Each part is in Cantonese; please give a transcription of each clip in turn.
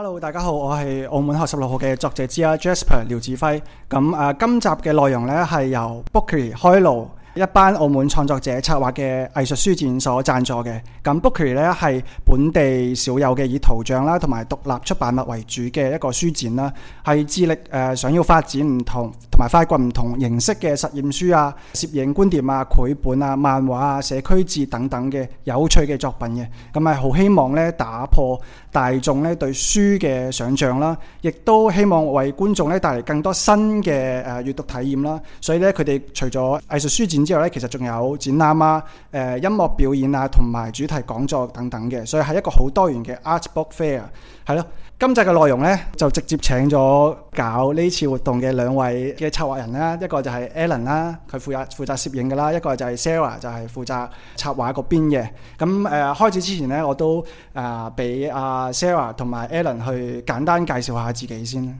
Hello，大家好，我係澳門學十六號嘅作者之一 Jasper 廖子輝，咁、啊、今集嘅內容呢，係由 Bookery 開爐，一班澳門創作者策劃嘅藝術書展所贊助嘅，咁 Bookery 咧係本地少有嘅以圖像啦同埋獨立出版物為主嘅一個書展啦，係致力誒、呃、想要發展唔同同埋發掘唔同形式嘅實驗書啊、攝影觀點啊、繪本啊、漫畫啊、社區誌等等嘅有趣嘅作品嘅，咁係好希望咧打破大眾咧對書嘅想象啦，亦都希望為觀眾咧帶嚟更多新嘅誒閱讀體驗啦。所以咧佢哋除咗藝術書展，之後咧，其實仲有展覽啊、誒、呃、音樂表演啊、同埋主題講座等等嘅，所以係一個好多元嘅 Art Book Fair。係咯，今集嘅內容呢，就直接請咗搞呢次活動嘅兩位嘅策劃人啦，一個就係 Alan 啦，佢負責負責攝影㗎啦，一個就係 Sarah，就係負責策劃嗰邊嘅。咁誒、呃，開始之前呢，我都、呃、啊俾阿 Sarah 同埋 Alan 去簡單介紹下自己先啦。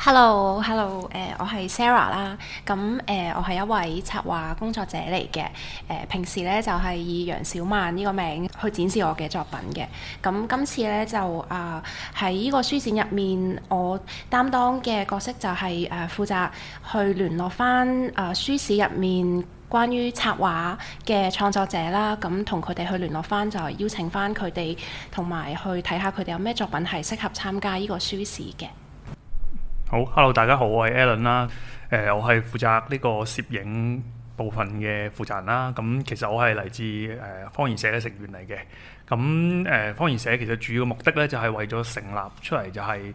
Hello，Hello，誒，hello, hello, uh, 我係 Sarah 啦。咁誒，我係一位插畫工作者嚟嘅。誒、uh，平時咧就係、是、以洋小漫呢個名去展示我嘅作品嘅。咁、uh, 今次咧就啊，喺、uh, 呢個書展入面，我擔當嘅角色就係、是、誒、uh, 負責去聯絡翻誒、uh, 書市入面關於插畫嘅創作者啦。咁同佢哋去聯絡翻，就係邀請翻佢哋，同埋去睇下佢哋有咩作品係適合參加呢個書市嘅。好，hello，大家好，我係 Alan 啦、啊，誒，我係負責呢個攝影部分嘅負責人啦，咁、啊、其實我係嚟自誒、啊、方言社嘅成員嚟嘅，咁、啊、誒方言社其實主要嘅目的咧就係、是、為咗成立出嚟就係、是。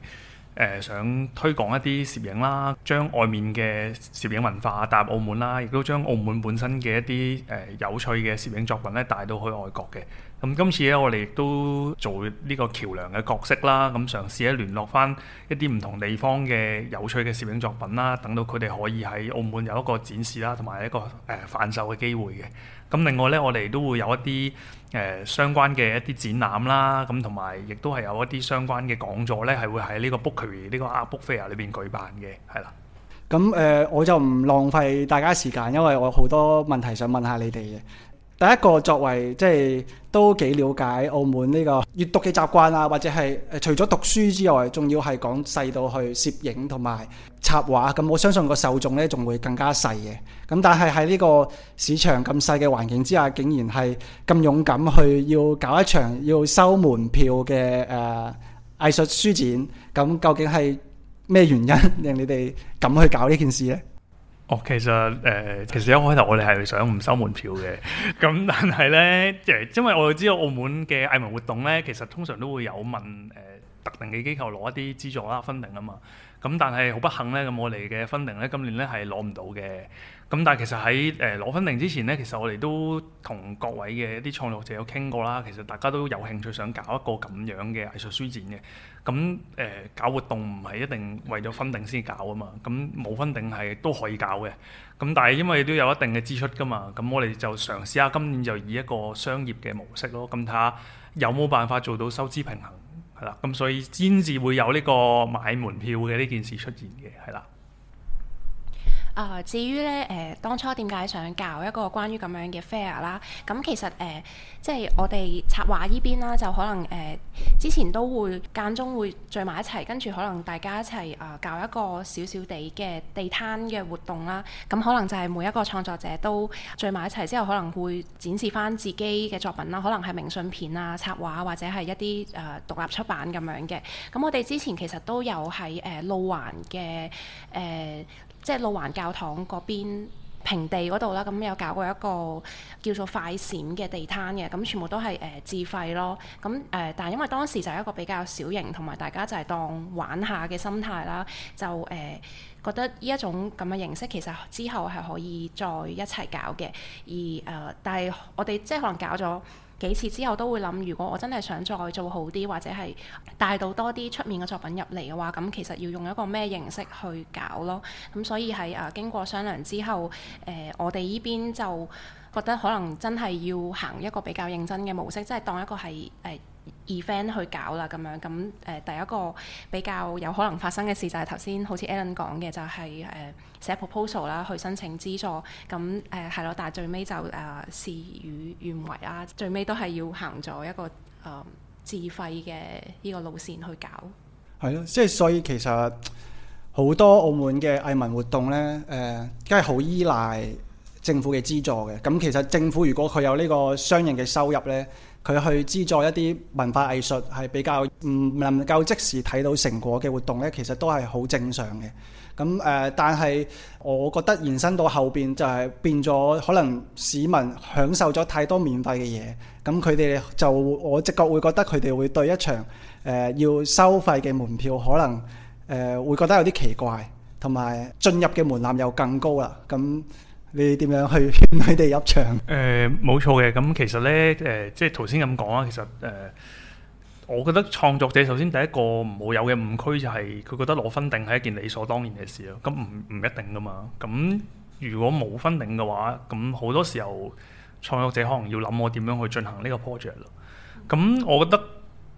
誒、呃、想推廣一啲攝影啦，將外面嘅攝影文化帶入澳門啦，亦都將澳門本身嘅一啲誒、呃、有趣嘅攝影作品咧帶到去外國嘅。咁、嗯、今次咧，我哋亦都做呢個橋梁嘅角色啦，咁、嗯、嘗試咧聯絡返一啲唔同地方嘅有趣嘅攝影作品啦，等到佢哋可以喺澳門有一個展示啦，同埋一個誒販售嘅機會嘅。咁另外咧，我哋都會有一啲誒、呃、相關嘅一啲展覽啦，咁同埋亦都係有一啲相關嘅講座咧，係會喺呢個 Bookery 呢個阿 Book Fair 裏邊舉辦嘅，係啦。咁誒、嗯呃，我就唔浪費大家時間，因為我有好多問題想問下你哋嘅。第一個作為即係都幾了解澳門呢個閱讀嘅習慣啊，或者係誒除咗讀書之外，仲要係講細到去攝影同埋插畫。咁我相信個受眾呢仲會更加細嘅。咁但係喺呢個市場咁細嘅環境之下，竟然係咁勇敢去要搞一場要收門票嘅誒藝術書展。咁究竟係咩原因令 你哋咁去搞呢件事呢？哦，其實誒、呃，其實一開頭我哋係想唔收門票嘅，咁、 嗯、但係咧，誒，因為我哋知道澳門嘅藝文活動咧，其實通常都會有問誒、呃、特定嘅機構攞一啲資助啦、啊、分定啊嘛，咁、嗯、但係好不幸咧，咁我哋嘅分定咧今年咧係攞唔到嘅。咁、嗯、但係其實喺誒攞分定之前咧，其實我哋都同各位嘅一啲創作者有傾過啦。其實大家都有興趣想搞一個咁樣嘅藝術書展嘅。咁、嗯、誒、呃、搞活動唔係一定為咗分定先搞啊嘛。咁、嗯、冇分定係都可以搞嘅。咁、嗯、但係因為都有一定嘅支出噶嘛，咁、嗯、我哋就嘗試下今年就以一個商業嘅模式咯。咁睇下有冇辦法做到收支平衡係啦。咁、嗯、所以先至會有呢個買門票嘅呢件事出現嘅係啦。啊、呃！至於咧，誒、呃，當初點解想搞一個關於咁樣嘅 fair 啦、啊？咁其實誒，即、呃、係、就是、我哋插畫呢邊啦，就可能誒、呃、之前都會間中會聚埋一齊，跟住可能大家一齊啊、呃、搞一個小小哋嘅地攤嘅活動啦。咁、啊、可能就係每一個創作者都聚埋一齊之後，可能會展示翻自己嘅作品啦、啊。可能係明信片啊、插畫或者係一啲誒獨立出版咁樣嘅。咁、啊嗯、我哋之前其實都有喺誒、呃、路環嘅誒。呃呃即係路環教堂嗰邊平地嗰度啦，咁有搞過一個叫做快閃嘅地攤嘅，咁全部都係誒、呃、自費咯。咁誒、呃，但係因為當時就係一個比較小型，同埋大家就係當玩下嘅心態啦，就誒、呃、覺得呢一種咁嘅形式其實之後係可以再一齊搞嘅。而誒、呃，但係我哋即係可能搞咗。幾次之後都會諗，如果我真係想再做好啲，或者係帶到多啲出面嘅作品入嚟嘅話，咁其實要用一個咩形式去搞咯。咁所以喺誒、啊、經過商量之後，誒、呃、我哋呢邊就，覺得可能真係要行一個比較認真嘅模式，即係當一個係誒 event 去搞啦咁樣。咁、呃、誒第一個比較有可能發生嘅事就係頭先好似 Alan 講嘅，就係、是、誒、呃、寫 proposal 啦，去申請資助。咁誒係咯，但係最尾就誒、呃、事與願違啦。最尾都係要行咗一個誒自費嘅呢個路線去搞。係咯，即係所以其實好多澳門嘅藝文活動呢，誒梗係好依賴。政府嘅資助嘅，咁其實政府如果佢有呢個相應嘅收入咧，佢去資助一啲文化藝術係比較唔能夠即時睇到成果嘅活動咧，其實都係好正常嘅。咁誒，但係我覺得延伸到後邊就係變咗，可能市民享受咗太多免費嘅嘢，咁佢哋就我直覺會覺得佢哋會對一場誒要收費嘅門票，可能誒會覺得有啲奇怪，同埋進入嘅門檻又更高啦。咁你點樣去勸佢哋入場？誒、呃，冇錯嘅。咁其實呢，誒、呃，即係頭先咁講啊。其實誒、呃，我覺得創作者首先第一個冇有嘅誤區就係，佢覺得攞分頂係一件理所當然嘅事咯。咁唔唔一定噶嘛。咁如果冇分頂嘅話，咁好多時候創作者可能要諗我點樣去進行呢個 project 咯。咁我覺得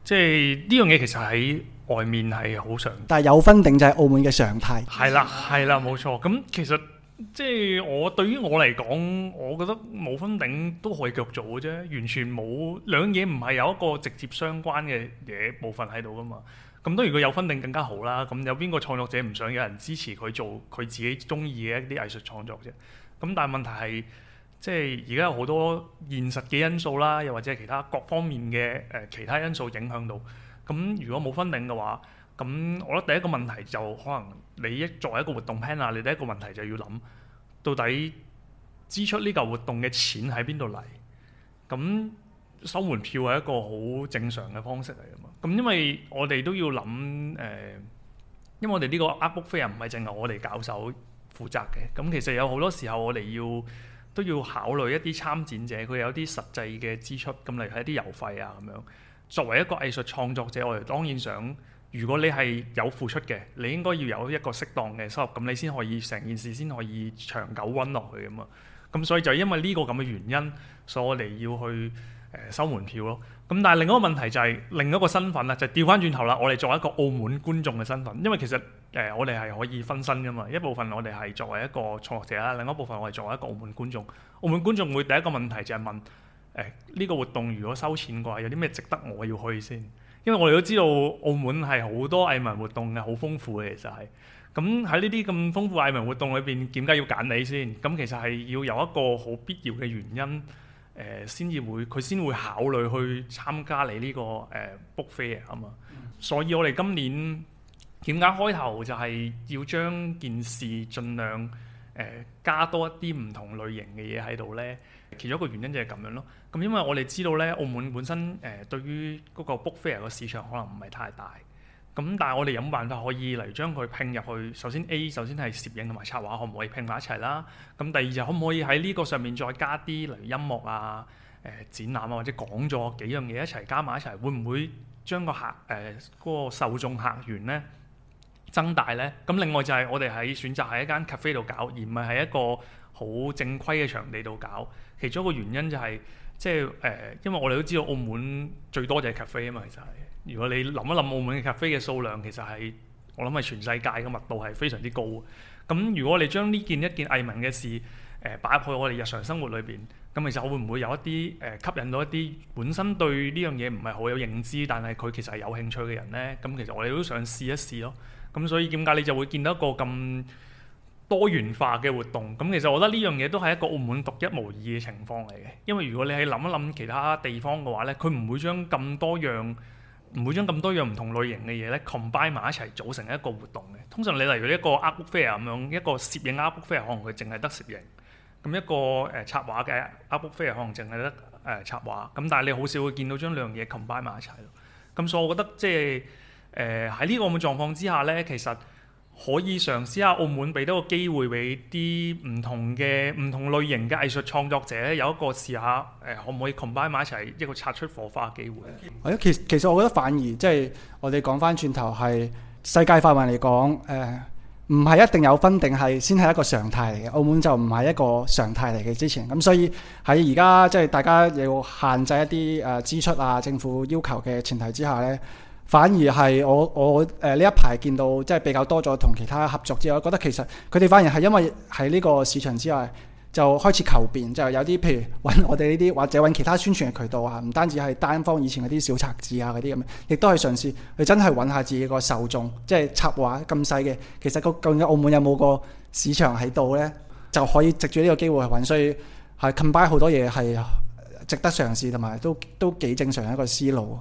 即係呢樣嘢，其實喺外面係好常，但係有分頂就係澳門嘅常態。係啦， 係啦，冇錯。咁其實。即係我對於我嚟講，我覺得冇分頂都可以繼續做嘅啫，完全冇兩嘢唔係有一個直接相關嘅嘢部分喺度噶嘛。咁、嗯、當然如果有分頂更加好啦。咁、嗯、有邊個創作者唔想有人支持佢做佢自己中意嘅一啲藝術創作啫？咁、嗯、但係問題係，即係而家有好多現實嘅因素啦，又或者係其他各方面嘅誒、呃、其他因素影響到。咁、嗯、如果冇分頂嘅話，咁我覺得第一個問題就可能你一作為一個活動 planner，你第一個問題就要諗，到底支出呢嚿活動嘅錢喺邊度嚟？咁收門票係一個好正常嘅方式嚟㗎嘛。咁因為我哋都要諗誒、呃，因為我哋呢個 art book fair 唔係淨係我哋教授負責嘅。咁其實有好多時候我哋要都要考慮一啲參展者佢有啲實際嘅支出，咁例如係一啲郵費啊咁樣。作為一個藝術創作者，我哋當然想。如果你係有付出嘅，你應該要有一個適當嘅收入，咁你先可以成件事先可以長久温落去咁嘛。咁所以就因為呢個咁嘅原因，所以我哋要去誒、呃、收門票咯。咁但係另一個問題就係、是、另一個身份啦，就掉返轉頭啦，我哋作為一個澳門觀眾嘅身份，因為其實誒、呃、我哋係可以分身㗎嘛，一部分我哋係作為一個創作者啦，另一部分我哋作為一個澳門觀眾。澳門觀眾會第一個問題就係問誒呢、呃這個活動如果收錢嘅話，有啲咩值得我要去先？因為我哋都知道澳門係好多藝文活動嘅，好豐富嘅其實係。咁喺呢啲咁豐富嘅藝文活動裏邊，點解要揀你先？咁其實係要有一個好必要嘅原因，誒先至會佢先會考慮去參加你呢、這個誒、呃、book fair 啊嘛。所以我哋今年點解開頭就係要將件事儘量誒、呃、加多一啲唔同類型嘅嘢喺度咧？其中一個原因就係咁樣咯。咁因為我哋知道咧，澳門本身誒對於嗰個 book fair 嘅市場可能唔係太大。咁但係我哋有冇辦法可以嚟將佢拼入去？首先 A，首先係攝影同埋插畫可唔可以拼埋一齊啦？咁第二就可唔可以喺呢個上面再加啲，例如音樂啊、誒、呃、展覽啊，或者講座幾樣嘢一齊加埋一齊，會唔會將個客誒嗰、呃嗰個受眾客源咧？增大呢，咁另外就係我哋喺選擇喺一間 cafe 度搞，而唔係喺一個好正規嘅場地度搞。其中一個原因就係、是、即係誒、呃，因為我哋都知道澳門最多就係 cafe 啊嘛，其實係。如果你諗一諗澳門嘅 cafe 嘅數量，其實係我諗係全世界嘅密度係非常之高的。咁、嗯、如果你哋將呢件一件藝文嘅事誒擺、呃、入去我哋日常生活裏邊，咁、嗯、其實會唔會有一啲誒、呃、吸引到一啲本身對呢樣嘢唔係好有認知，但係佢其實係有興趣嘅人呢？咁、嗯、其實我哋都想試一試咯。咁所以點解你就會見到一個咁多元化嘅活動？咁其實我覺得呢樣嘢都係一個澳門獨一無二嘅情況嚟嘅。因為如果你係諗一諗其他地方嘅話咧，佢唔會將咁多樣唔會將咁多樣唔同類型嘅嘢咧 combine 埋一齊組成一個活動嘅。通常你例如一個 art book fair 咁樣，一個攝影 art book fair 可能佢淨係得攝影，咁一個誒、呃、插畫嘅 art book fair 可能淨係得誒、呃、插畫。咁但係你好少會見到將兩樣嘢 combine 埋一齊。咁所以我覺得即係。誒喺呢個咁嘅狀況之下呢，其實可以嘗試下澳門俾多個機會，俾啲唔同嘅唔同類型嘅藝術創作者，有一個試一下誒、呃、可唔可以 combine 埋一齊，一個擦出火花嘅機會。係啊，其其實我覺得反而即係、就是、我哋講返轉頭係世界範圍嚟講，誒唔係一定有分定係先係一個常態嚟嘅。澳門就唔係一個常態嚟嘅。之前咁，所以喺而家即係大家要限制一啲誒支出啊，政府要求嘅前提之下呢。反而係我我誒呢、呃、一排見到即係比較多咗同其他合作之後，我覺得其實佢哋反而係因為喺呢個市場之外就開始求變，就有啲譬如揾我哋呢啲，或者揾其他宣傳嘅渠道啊，唔單止係單方以前嗰啲小冊子啊嗰啲咁，亦都係嘗試去真係揾下自己個受眾，即係插畫咁細嘅，其實個究竟澳門有冇個市場喺度呢？就可以藉住呢個機會去揾，所以係 combine 好多嘢係值得嘗試，同埋都都，都幾正常一個思路。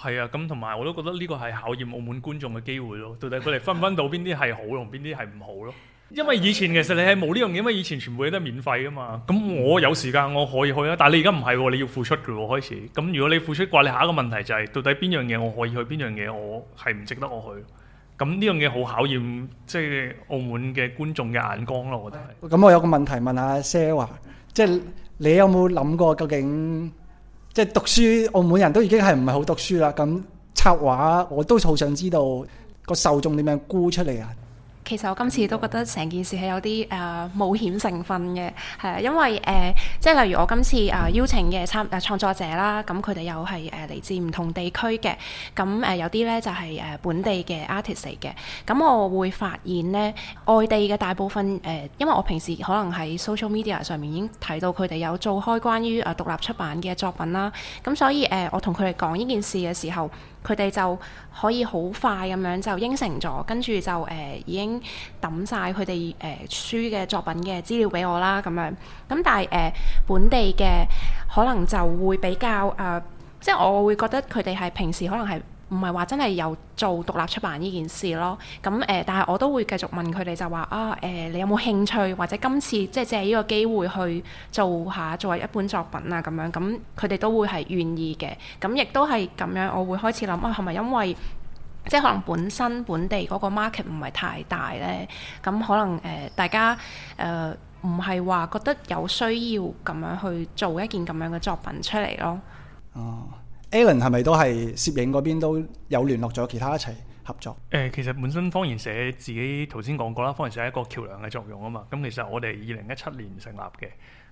係啊，咁同埋我都覺得呢個係考驗澳門觀眾嘅機會咯，到底佢哋分唔分到邊啲係好同邊啲係唔好咯？因為以前其實你係冇呢樣嘢，因為以前全部都係免費噶嘛。咁、嗯嗯嗯、我有時間我可以去啊，但係你而家唔係，你要付出嘅開始。咁、嗯、如果你付出嘅話，你下一個問題就係、是、到底邊樣嘢我可以去，邊樣嘢我係唔值得我去？咁呢樣嘢好考驗即係、就是、澳門嘅觀眾嘅眼光咯。我覺得。咁我有個問題問下 Sara 即係你有冇諗過究竟？即係讀書，澳門人都已經係唔係好讀書啦。咁插畫我都好想知道個受眾點樣估出嚟啊！其實我今次都覺得成件事係有啲誒冒險成分嘅，係因為誒、呃，即係例如我今次誒邀請嘅參誒創作者啦，咁佢哋又係誒嚟自唔同地區嘅，咁誒有啲咧就係誒本地嘅 artist 嚟嘅，咁我會發現咧外地嘅大部分誒，因為我平時可能喺 social media 上面已經睇到佢哋有做開關於誒獨立出版嘅作品啦，咁所以誒我同佢哋講呢件事嘅時候。佢哋就可以好快咁樣就應承咗，跟住就誒已經抌晒佢哋誒書嘅作品嘅資料俾我啦，咁樣。咁但係誒、呃、本地嘅可能就會比較誒、呃，即係我會覺得佢哋係平時可能係。唔係話真係有做獨立出版呢件事咯，咁誒、呃，但係我都會繼續問佢哋就話啊誒、呃，你有冇興趣或者今次即係借呢個機會去做下作為一本作品啊咁樣，咁佢哋都會係願意嘅。咁亦都係咁樣，我會開始諗啊，係咪因為即係可能本身本地嗰個 market 唔係太大呢？咁可能誒、呃，大家誒唔係話覺得有需要咁樣去做一件咁樣嘅作品出嚟咯。哦。Alan 係咪都係攝影嗰邊都有聯絡咗其他一齊合作？誒，其實本身方言社自己頭先講過啦，方言社係一個橋樑嘅作用啊嘛。咁其實我哋二零一七年成立嘅，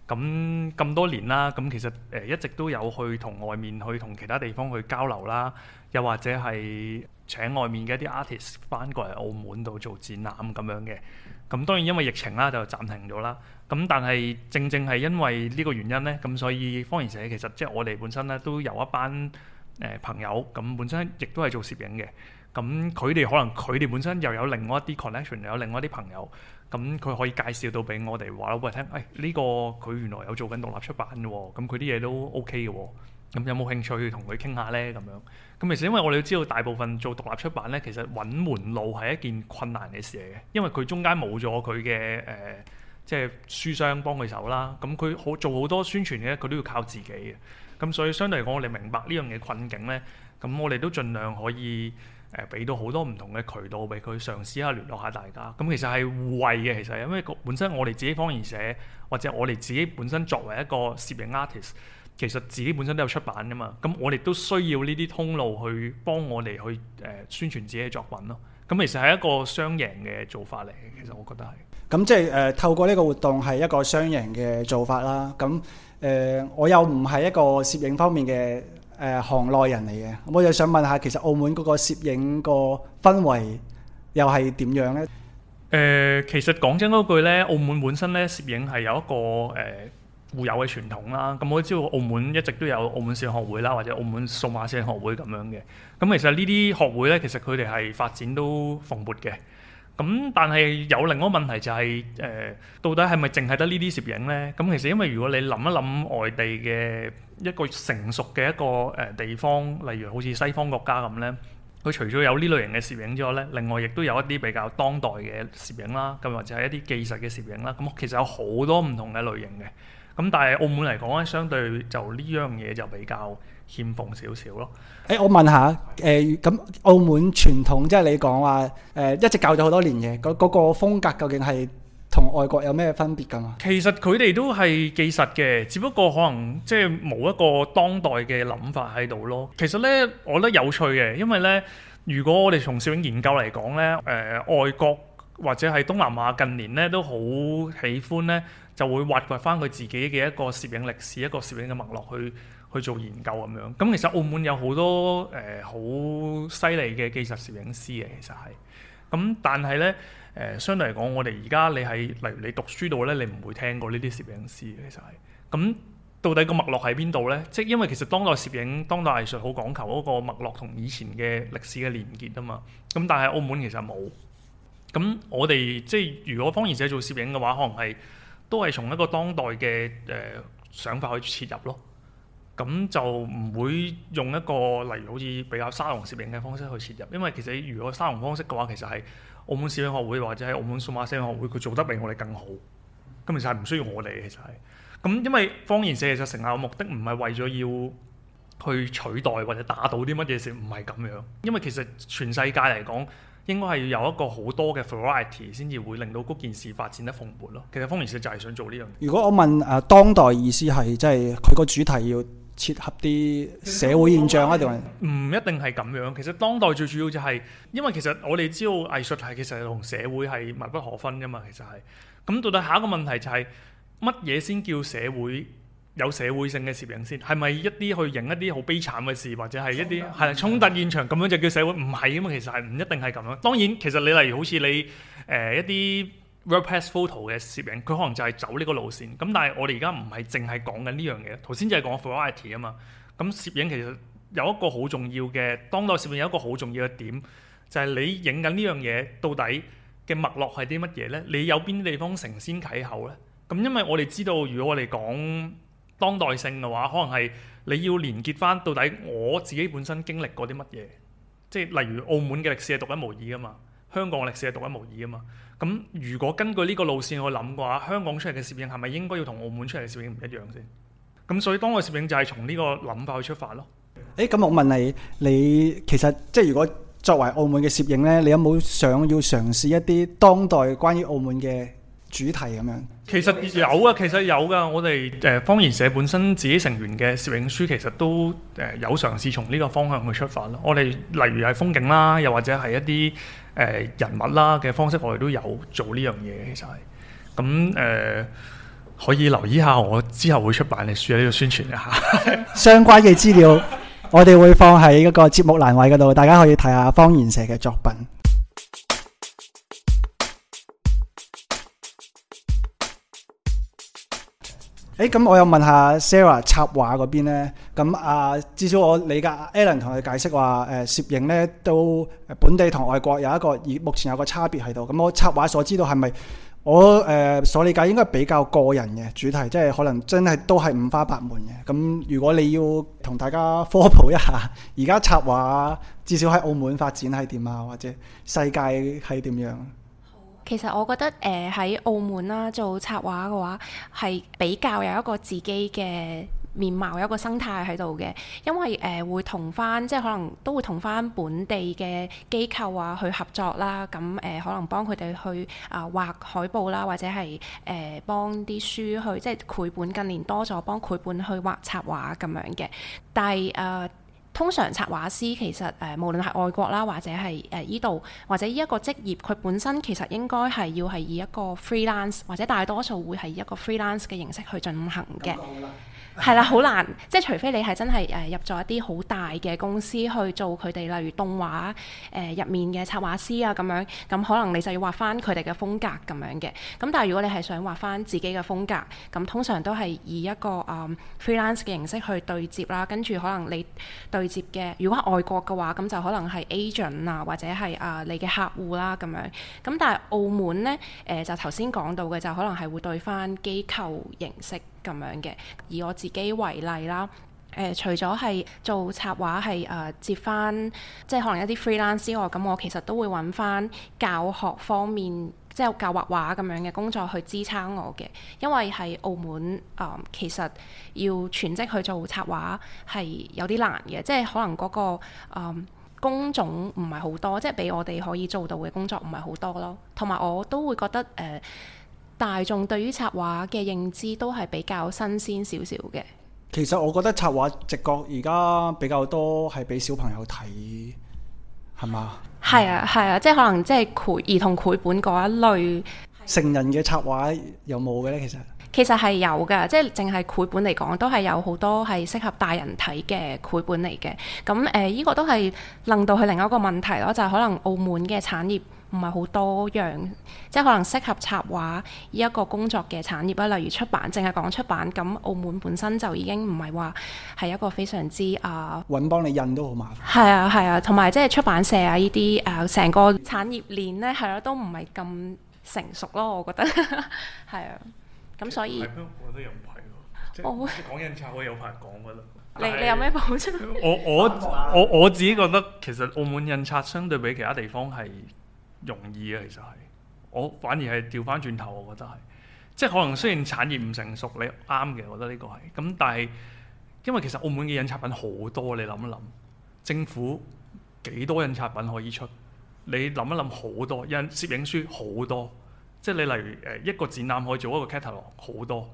咁咁多年啦。咁其實誒一直都有去同外面去同其他地方去交流啦，又或者係請外面嘅一啲 artist 翻過嚟澳門度做展覽咁樣嘅。咁當然因為疫情啦，就暫停咗啦。咁、嗯、但係，正正係因為呢個原因咧，咁、嗯、所以方言社其實即係我哋本身咧都有一班誒、呃、朋友咁、嗯，本身亦都係做攝影嘅。咁佢哋可能佢哋本身又有另外一啲 connection 又有另外一啲朋友咁，佢、嗯、可以介紹到俾我哋話俾聽。誒、哎、呢、這個佢原來有做緊獨立出版嘅、哦，咁佢啲嘢都 OK 嘅。咁、嗯、有冇興趣同佢傾下咧？咁樣咁、嗯、其實因為我哋知道大部分做獨立出版咧，其實揾門路係一件困難嘅事嚟嘅，因為佢中間冇咗佢嘅誒。呃即係書商幫佢手啦，咁佢好做好多宣傳嘅，佢都要靠自己嘅。咁所以相對嚟講，我哋明白呢樣嘢困境呢，咁我哋都盡量可以誒俾、呃、到好多唔同嘅渠道俾佢嘗試一下聯絡一下大家。咁其實係互惠嘅，其實因為本身我哋自己方言社或者我哋自己本身作為一個攝影 artist，其實自己本身都有出版㗎嘛。咁我哋都需要呢啲通路去幫我哋去誒、呃、宣傳自己嘅作品咯。咁其實係一個雙贏嘅做法嚟嘅，其實我覺得係。咁、嗯、即係誒、呃，透過呢個活動係一個雙贏嘅做法啦。咁、嗯、誒、呃，我又唔係一個攝影方面嘅誒、呃、行內人嚟嘅，我又想問下，其實澳門嗰個攝影個氛圍又係點樣呢？誒、呃，其實講真嗰句呢，澳門本身呢，攝影係有一個誒、呃、固有嘅傳統啦。咁、嗯、我知道澳門一直都有澳門攝影學會啦，或者澳門數碼攝影學會咁樣嘅。咁、嗯、其實呢啲學會呢，其實佢哋係發展都蓬勃嘅。咁、嗯、但係有另一個問題就係、是、誒、呃，到底係咪淨係得呢啲攝影呢？咁、嗯、其實因為如果你諗一諗外地嘅一個成熟嘅一個誒、呃、地方，例如好似西方國家咁呢，佢除咗有呢類型嘅攝影之外呢，另外亦都有一啲比較當代嘅攝影啦，咁、嗯、或者係一啲技術嘅攝影啦。咁、嗯、其實有好多唔同嘅類型嘅。咁、嗯、但係澳門嚟講咧，相對就呢樣嘢就比較欠奉少少咯。誒、欸，我問下誒，咁、呃、澳門傳統即係你講話誒，一直教咗好多年嘅嗰嗰個風格，究竟係同外國有咩分別噶嘛？其實佢哋都係紀實嘅，只不過可能即係冇一個當代嘅諗法喺度咯。其實呢，我覺得有趣嘅，因為呢，如果我哋從攝影研究嚟講呢，誒、呃，外國或者係東南亞近年呢，都好喜歡呢，就會挖掘翻佢自己嘅一個攝影歷史，一個攝影嘅脈絡去去做研究咁樣。咁、嗯、其實澳門有好多誒好犀利嘅技術攝影師嘅，其實係咁、嗯。但係呢，誒、呃，相對嚟講，我哋而家你喺例如你讀書度呢，你唔會聽過呢啲攝影師嘅，其實係咁、嗯、到底個脈絡喺邊度呢？即係因為其實當代攝影當代藝術好講求嗰個脈絡同以前嘅歷史嘅連結啊嘛。咁、嗯、但係澳門其實冇咁、嗯，我哋即係如果方言社做攝影嘅話，可能係。都係從一個當代嘅誒、呃、想法去切入咯，咁就唔會用一個例如好似比較沙龍攝影嘅方式去切入，因為其實如果沙龍方式嘅話，其實係澳門攝影學會或者喺澳門數碼攝影學會佢做得比我哋更好，咁其實係唔需要我哋其實係咁，因為方言社其實成立嘅目的唔係為咗要去取代或者打倒啲乜嘢先，唔係咁樣，因為其實全世界嚟講。應該係要有一個好多嘅 variety 先至會令到嗰件事發展得蓬勃咯。其實方言社就係想做呢樣。如果我問誒、啊、當代意思係即係佢個主題要切合啲社會現象啊定話？唔當代 是一定係咁樣。其實當代最主要就係、是、因為其實我哋知道藝術係其實同社會係密不可分噶嘛。其實係咁，到底下一個問題就係乜嘢先叫社會？有社會性嘅攝影先，係咪一啲去影一啲好悲慘嘅事，或者係一啲係衝突現場咁樣就叫社會？唔係啊嘛，其實係唔一定係咁樣。當然，其實你例如好似你誒、呃、一啲 reportage photo 嘅攝影，佢可能就係走呢個路線。咁、嗯、但係我哋而家唔係淨係講緊呢樣嘢。頭先就係講 fidelity 啊嘛。咁、嗯、攝影其實有一個好重要嘅當代攝影有一個好重要嘅點，就係、是、你影緊呢樣嘢到底嘅脈絡係啲乜嘢呢？你有邊啲地方承先啟後呢？咁、嗯、因為我哋知道，如果我哋講當代性嘅話，可能係你要連結翻到底我自己本身經歷過啲乜嘢，即係例如澳門嘅歷史係獨一無二噶嘛，香港嘅歷史係獨一無二噶嘛。咁如果根據呢個路線去諗嘅話，香港出嚟嘅攝影係咪應該要同澳門出嚟嘅攝影唔一樣先？咁所以當代攝影就係從呢個諗法去出發咯。誒，咁我問你，你其實即係如果作為澳門嘅攝影呢，你有冇想要嘗試一啲當代關於澳門嘅？主題咁樣，其實有啊，其實有㗎。我哋誒、呃、方言社本身自己成員嘅攝影書，其實都誒、呃、有嘗試從呢個方向去出發咯。我哋例如係風景啦，又或者係一啲誒、呃、人物啦嘅方式，我哋都有做呢樣嘢。其實係咁誒，可以留意下我之後會出版嘅書喺度宣傳一下相關嘅資料。我哋會放喺嗰個節目欄位嗰度，大家可以睇下方言社嘅作品。誒咁，欸、我又問下 Sara 插畫嗰邊呢。咁啊，至少我理解 Alan 同佢解釋話，誒攝影呢，都本地同外國有一個目前有個差別喺度。咁我插畫所知道係咪，我、呃、誒所理解應該比較個人嘅主題，即係可能真係都係五花八門嘅。咁如果你要同大家科普一下，而家插畫至少喺澳門發展係點啊，或者世界係點樣？其實我覺得誒喺、呃、澳門啦、啊、做插畫嘅話，係比較有一個自己嘅面貌，有一個生態喺度嘅。因為誒、呃、會同翻即係可能都會同翻本地嘅機構啊去合作啦。咁誒、呃、可能幫佢哋去啊畫、呃、海報啦，或者係誒、呃、幫啲書去即係繪本，近年多咗幫繪本去畫畫插畫咁樣嘅。但係誒、呃通常插畫師其實誒、呃，無論係外國啦，或者係誒呢度，或者呢一個職業，佢本身其實應該係要係以一個 freelance，或者大多數會係以一個 freelance 嘅形式去進行嘅。係啦，好難，即係除非你係真係誒入咗一啲好大嘅公司去做佢哋，例如動畫誒入面嘅插畫師啊咁樣，咁可能你就要畫翻佢哋嘅風格咁樣嘅。咁但係如果你係想畫翻自己嘅風格，咁通常都係以一個誒 freelance 嘅形式去對接啦。跟住可能你對接嘅，如果係外國嘅話，咁就可能係 agent 啊，或者係啊你嘅客戶啦咁樣。咁但係澳門呢，誒就頭先講到嘅就可能係會對翻機構形式。咁樣嘅，以我自己為例啦，誒、呃，除咗係做插畫係誒接翻，即係可能一啲 freelance 之外，咁我其實都會揾翻教學方面，即係教畫畫咁樣嘅工作去支撐我嘅，因為喺澳門誒、呃，其實要全職去做插畫係有啲難嘅，即係可能嗰、那個、呃、工種唔係好多，即係俾我哋可以做到嘅工作唔係好多咯，同埋我都會覺得誒。呃大眾對於插畫嘅認知都係比較新鮮少少嘅。其實我覺得插畫直覺而家比較多係俾小朋友睇，係嘛？係、嗯、啊係啊，即係可能即係繪兒童繪本嗰一類。成人嘅插畫有冇嘅咧？其實其實係有嘅，即係淨係繪本嚟講，都係有好多係適合大人睇嘅繪本嚟嘅。咁誒，呢、呃這個都係令到去另一個問題咯，就係、是、可能澳門嘅產業。唔係好多樣，即係可能適合插畫呢一個工作嘅產業啦。例如出版，淨係講出版咁，澳門本身就已經唔係話係一個非常之啊搵幫你印都好麻煩。係啊係啊，同埋、啊、即係出版社啊呢啲誒，成、啊、個產業鏈呢，係咯、啊，都唔係咁成熟咯。我覺得係 啊，咁所以，我覺得又唔係喎，講印刷我有排講覺得。你你有咩補充？我我 我我自己覺得其實澳門印刷相對比其他地方係。容易啊，其實係，我反而係調翻轉頭，我覺得係，即係可能雖然產業唔成熟，你啱嘅，我覺得呢個係，咁但係因為其實澳門嘅印刷品好多，你諗一諗，政府幾多印刷品可以出？你諗一諗好多，印攝影書好多，即係你例如誒一個展覽可以做一個 catalog 好多。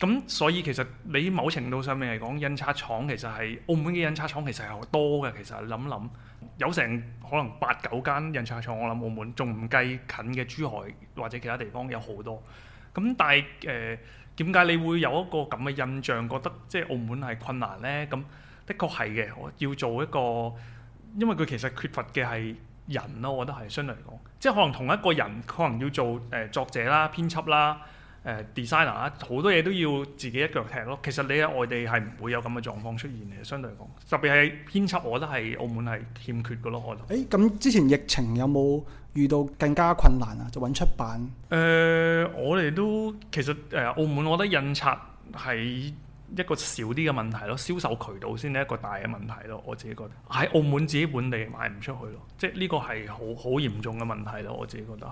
咁所以其實你某程度上面嚟講，印刷廠其實係澳門嘅印刷廠其實係好多嘅。其實諗諗有成可能八九間印刷廠，我諗澳門仲唔計近嘅珠海或者其他地方有好多。咁但係誒點解你會有一個咁嘅印象，覺得即係澳門係困難呢？咁的確係嘅。我要做一個，因為佢其實缺乏嘅係人咯。我覺得係相對嚟講，即係可能同一個人可能要做誒、呃、作者啦、編輯啦。誒、呃、designer 啊，好多嘢都要自己一腳踢咯。其實你喺外地係唔會有咁嘅狀況出現嘅，相對嚟講，特別係編輯，我覺得係澳門係欠缺嘅咯，我、欸。誒，咁之前疫情有冇遇到更加困難啊？就揾出版。誒、呃，我哋都其實誒、呃、澳門，我覺得印刷係一個少啲嘅問題咯，銷售渠道先係一個大嘅問題咯。我自己覺得喺澳門自己本地賣唔出去咯，即係呢個係好好嚴重嘅問題咯。我自己覺得係。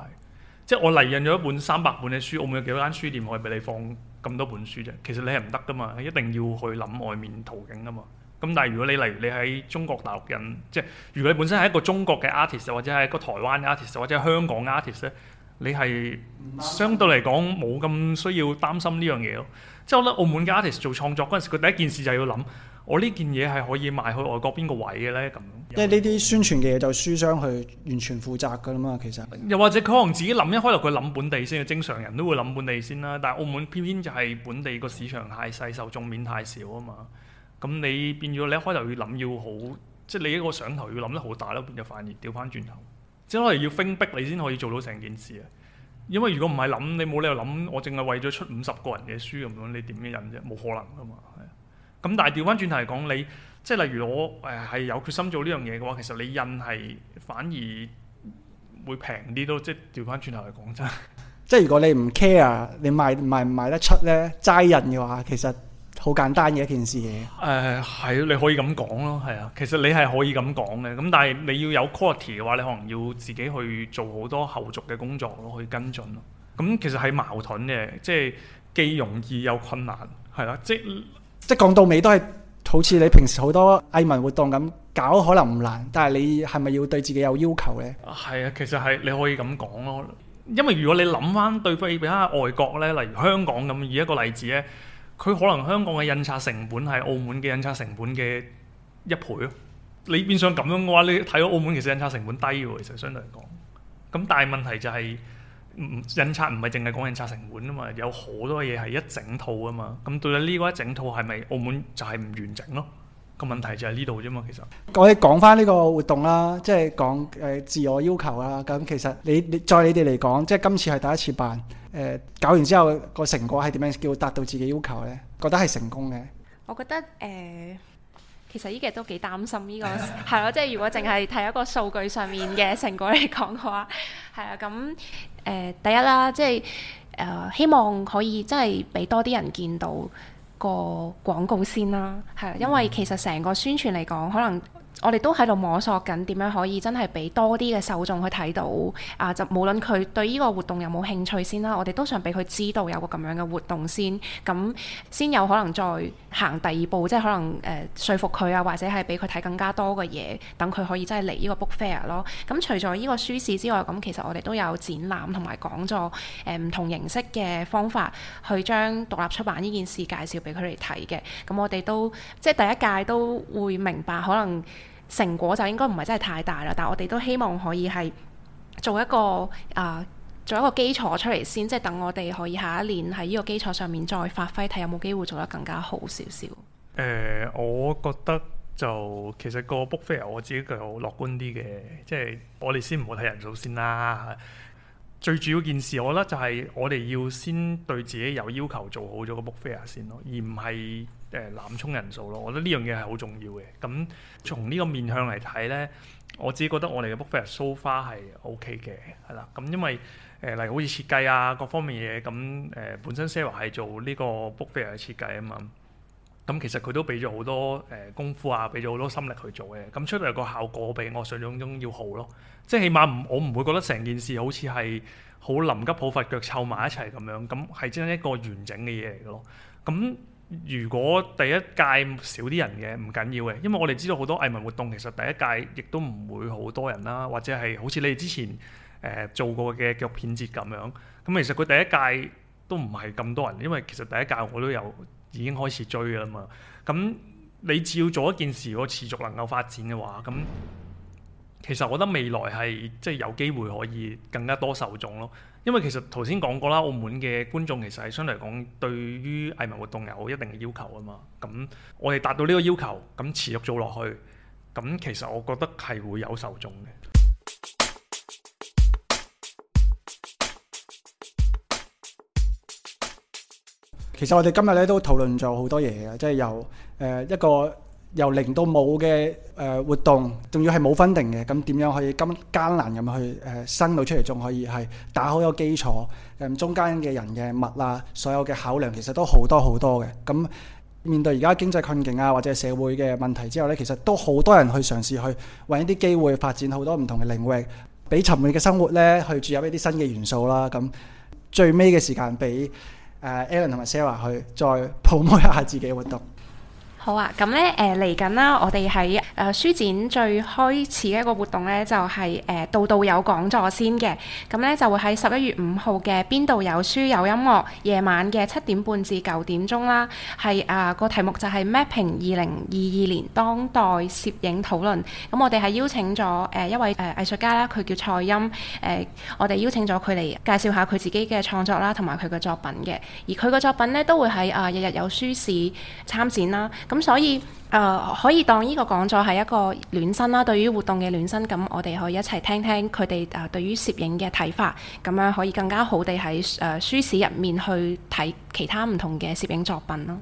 即係我嚟印咗一本三百本嘅書，澳門有幾多間書店可以俾你放咁多本書啫？其實你係唔得噶嘛，一定要去諗外面途徑噶嘛。咁但係如果你嚟，你喺中國大陸印，即係如果你本身係一個中國嘅 artist 或者係一個台灣 artist 或者係香港 artist 咧，你係相對嚟講冇咁需要擔心呢樣嘢咯。即係我覺得澳門嘅 artist 做創作嗰陣時，佢第一件事就係要諗。我呢件嘢係可以賣去外國邊個位嘅呢？咁即係呢啲宣傳嘅嘢就書商去完全負責噶啦嘛。其實又或者佢可能自己諗一開頭佢諗本地先，正常人都會諗本地先啦。但係澳門偏偏就係本地個市場太細，受眾面太少啊嘛。咁你變咗你一開頭要諗要好，即係你一個上頭要諗得好大咯，變就反而掉翻轉頭，即係可能要鋒逼你先可以做到成件事啊。因為如果唔係諗，你冇理由諗我淨係為咗出五十個人嘅書咁樣，你點樣印啫？冇可能啊嘛。咁但係調翻轉頭嚟講，你即係例如我誒係有決心做呢樣嘢嘅話，其實你印係反而會平啲咯。即係調翻轉頭嚟講真，即係如果你唔 care，你賣賣唔賣,賣得出咧，齋印嘅話，其實好簡單嘅一件事嘅。誒係、呃、你可以咁講咯，係啊，其實你係可以咁講嘅。咁但係你要有 quality 嘅話，你可能要自己去做好多後續嘅工作咯，去跟進咯。咁、嗯、其實係矛盾嘅，即係既容易又困難，係啦，即即係講到尾都係好似你平時好多藝文活動咁搞，可能唔難，但係你係咪要對自己有要求呢？啊，係啊，其實係你可以咁講咯，因為如果你諗翻對比下外國呢，例如香港咁以一個例子呢，佢可能香港嘅印刷成本係澳門嘅印刷成本嘅一倍。你變相咁樣嘅話，你睇到澳門其實印刷成本低喎，其實相對嚟講。咁但係問題就係。印刷唔係淨係講印刷成本啊嘛，有好多嘢係一整套啊嘛，咁對啦，呢個一整套係咪澳門就係唔完整咯？個問題就係呢度啫嘛，其實我哋講翻呢個活動啦，即係講誒自我要求啦。咁其實你你在你哋嚟講，即係今次係第一次辦誒，呃，搞完之後個成果係點樣叫達到自己要求呢？覺得係成功嘅。我覺得誒。呃其實依個都幾擔心、這個，呢個係咯，即係如果淨係睇一個數據上面嘅成果嚟講嘅話，係啊，咁誒、呃、第一啦，即係誒、呃、希望可以即係俾多啲人見到個廣告先啦，係， 因為其實成個宣傳嚟講，可能。我哋都喺度摸索緊點樣可以真係俾多啲嘅受眾去睇到啊！就無論佢對呢個活動有冇興趣先啦，我哋都想俾佢知道有個咁樣嘅活動先，咁、嗯、先有可能再行第二步，即係可能誒、呃、說服佢啊，或者係俾佢睇更加多嘅嘢，等佢可以真係嚟呢個 book fair 咯。咁、嗯、除咗呢個書市之外，咁、嗯、其實我哋都有展覽同埋講座誒，呃、唔同形式嘅方法去將獨立出版呢件事介紹俾佢哋睇嘅。咁、嗯、我哋都即係第一屆都會明白可能。成果就應該唔係真係太大啦，但係我哋都希望可以係做一個啊、呃，做一個基礎出嚟先，即係等我哋可以下一年喺呢個基礎上面再發揮，睇有冇機會做得更加好少少。誒、呃，我覺得就其實個 book fair 我自己好樂觀啲嘅，即係我哋先唔好睇人數先啦。最主要件事，我覺得就係我哋要先對自己有要求，做好咗個 book fair 先咯，而唔係誒濫充人數咯。我覺得呢樣嘢係好重要嘅。咁、嗯、從呢個面向嚟睇咧，我自己覺得我哋嘅 book fair so far 係 OK 嘅，係啦。咁、嗯、因為誒、呃，例如好似設計啊，各方面嘢，咁、嗯、誒、呃、本身 Sara 係做呢個 book fair 嘅設計啊嘛。咁其實佢都俾咗好多誒、呃、功夫啊，俾咗好多心力去做嘅。咁、嗯、出嚟個效果比我想象中要好咯，即係起碼唔我唔會覺得成件事好似係好臨急抱佛腳湊埋一齊咁樣，咁係真係一個完整嘅嘢嚟嘅咯。咁、嗯、如果第一屆少啲人嘅唔緊要嘅，因為我哋知道好多藝文活動其實第一屆亦都唔會好多人啦、啊，或者係好似你哋之前誒、呃、做過嘅腳片節咁樣，咁其實佢第一屆都唔係咁多人，因為其實第一屆我都有。已經開始追㗎喇嘛，咁你只要做一件事，我持續能夠發展嘅話，咁其實我覺得未來係即係有機會可以更加多受眾咯。因為其實頭先講過啦，澳門嘅觀眾其實係相對嚟講，對於藝文活動有一定嘅要求啊嘛。咁我哋達到呢個要求，咁持續做落去，咁其實我覺得係會有受眾嘅。其實我哋今日咧都討論咗好多嘢嘅，即係由誒一個由零到冇嘅誒活動，仲要係冇 funding 嘅，咁點樣可以咁艱難咁去誒生到出嚟，仲可以係打好個基礎？誒中間嘅人嘅物啊，所有嘅考量其實都好多好多嘅。咁面對而家經濟困境啊，或者社會嘅問題之後咧，其實都好多人去嘗試去揾一啲機會發展好多唔同嘅領域，俾沉悶嘅生活咧去注入一啲新嘅元素啦。咁最尾嘅時間俾誒 Alan 同埋 Sara 去再鋪摩一下自己嘅活動。好啊，咁咧誒嚟緊啦，呃、我哋喺。誒、呃、書展最開始嘅一個活動呢，就係誒度度有講座先嘅，咁、嗯、呢，就會喺十一月五號嘅邊度有書有音樂夜晚嘅七點半至九點鐘啦，係啊，個題目就係、是、Mapping 二零二二年當代攝影討論，咁、嗯、我哋係邀請咗誒、呃、一位誒、呃、藝術家啦，佢叫蔡音。誒、呃，我哋邀請咗佢嚟介紹下佢自己嘅創作啦，同埋佢嘅作品嘅，而佢嘅作品呢，都會喺啊、呃、日日有書市參展啦，咁、嗯、所以。誒、uh, 可以當呢個講座係一個暖身啦，對於活動嘅暖身，咁我哋可以一齊聽聽佢哋誒對於攝影嘅睇法，咁樣可以更加好地喺誒書市入面去睇其他唔同嘅攝影作品咯。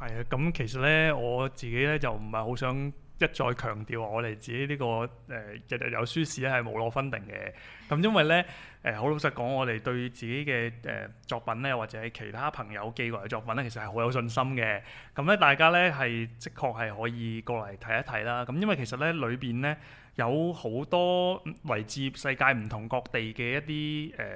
係啊，咁其實呢，我自己呢就唔係好想。一再強調我哋自己呢、這個誒日日有書市咧，係冇攞分定嘅。咁、嗯、因為咧誒，好、呃、老實講，我哋對自己嘅誒、呃、作品咧，或者係其他朋友寄過嚟嘅作品咧，其實係好有信心嘅。咁、嗯、咧，大家咧係的確係可以過嚟睇一睇啦。咁、嗯、因為其實咧裏邊咧有好多嚟自世界唔同各地嘅一啲誒、呃、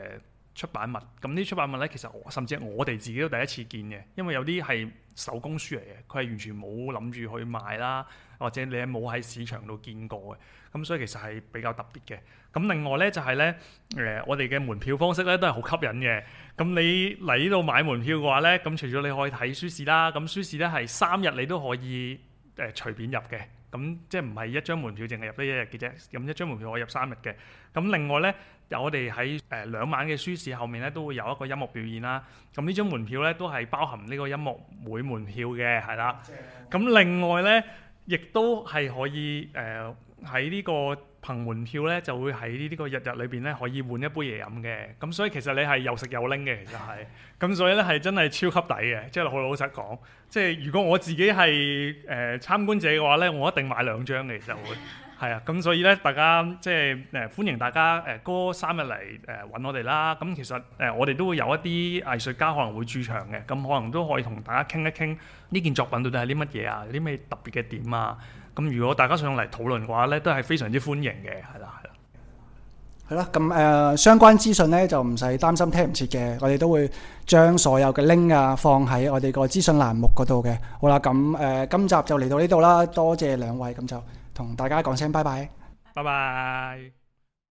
出版物。咁、嗯、呢啲出版物咧，其實甚至係我哋自己都第一次見嘅，因為有啲係手工書嚟嘅，佢係完全冇諗住去賣啦。或者你係冇喺市場度見過嘅，咁所以其實係比較特別嘅。咁另外呢，就係呢，誒我哋嘅門票方式呢都係好吸引嘅。咁你嚟呢度買門票嘅話呢，咁除咗你可以睇書市啦，咁書市呢係三日你都可以誒隨便入嘅。咁即係唔係一張門票淨係入得一日嘅啫？咁一張門票可以入三日嘅。咁另外呢，有我哋喺誒兩晚嘅書市後面呢都會有一個音樂表演啦。咁呢張門票呢都係包含呢個音樂會門票嘅，係啦。咁 另外呢。亦都係可以誒喺呢個憑門票呢，就會喺呢啲個日日裏邊呢，可以換一杯嘢飲嘅。咁所以其實你係又食又拎嘅，其實係。咁所以呢，係真係超級抵嘅，即係好老實講。即係如果我自己係誒、呃、參觀者嘅話呢，我一定買兩張嘅，其實會。係啊，咁所以咧，大家即係誒，歡迎大家誒，過三日嚟誒搵我哋啦。咁其實誒，我哋都會有一啲藝術家可能會駐場嘅，咁可能都可以同大家傾一傾呢件作品到底係啲乜嘢啊，有啲咩特別嘅點啊？咁如果大家想嚟討論嘅話咧，都係非常之歡迎嘅。係啦，係啦，係啦。咁誒，相關資訊咧就唔使擔心聽唔切嘅，我哋都會將所有嘅 link 啊放喺我哋個資訊欄目嗰度嘅。好啦，咁誒，今集就嚟到呢度啦，多謝兩位，咁就。同大家講聲拜拜，拜拜。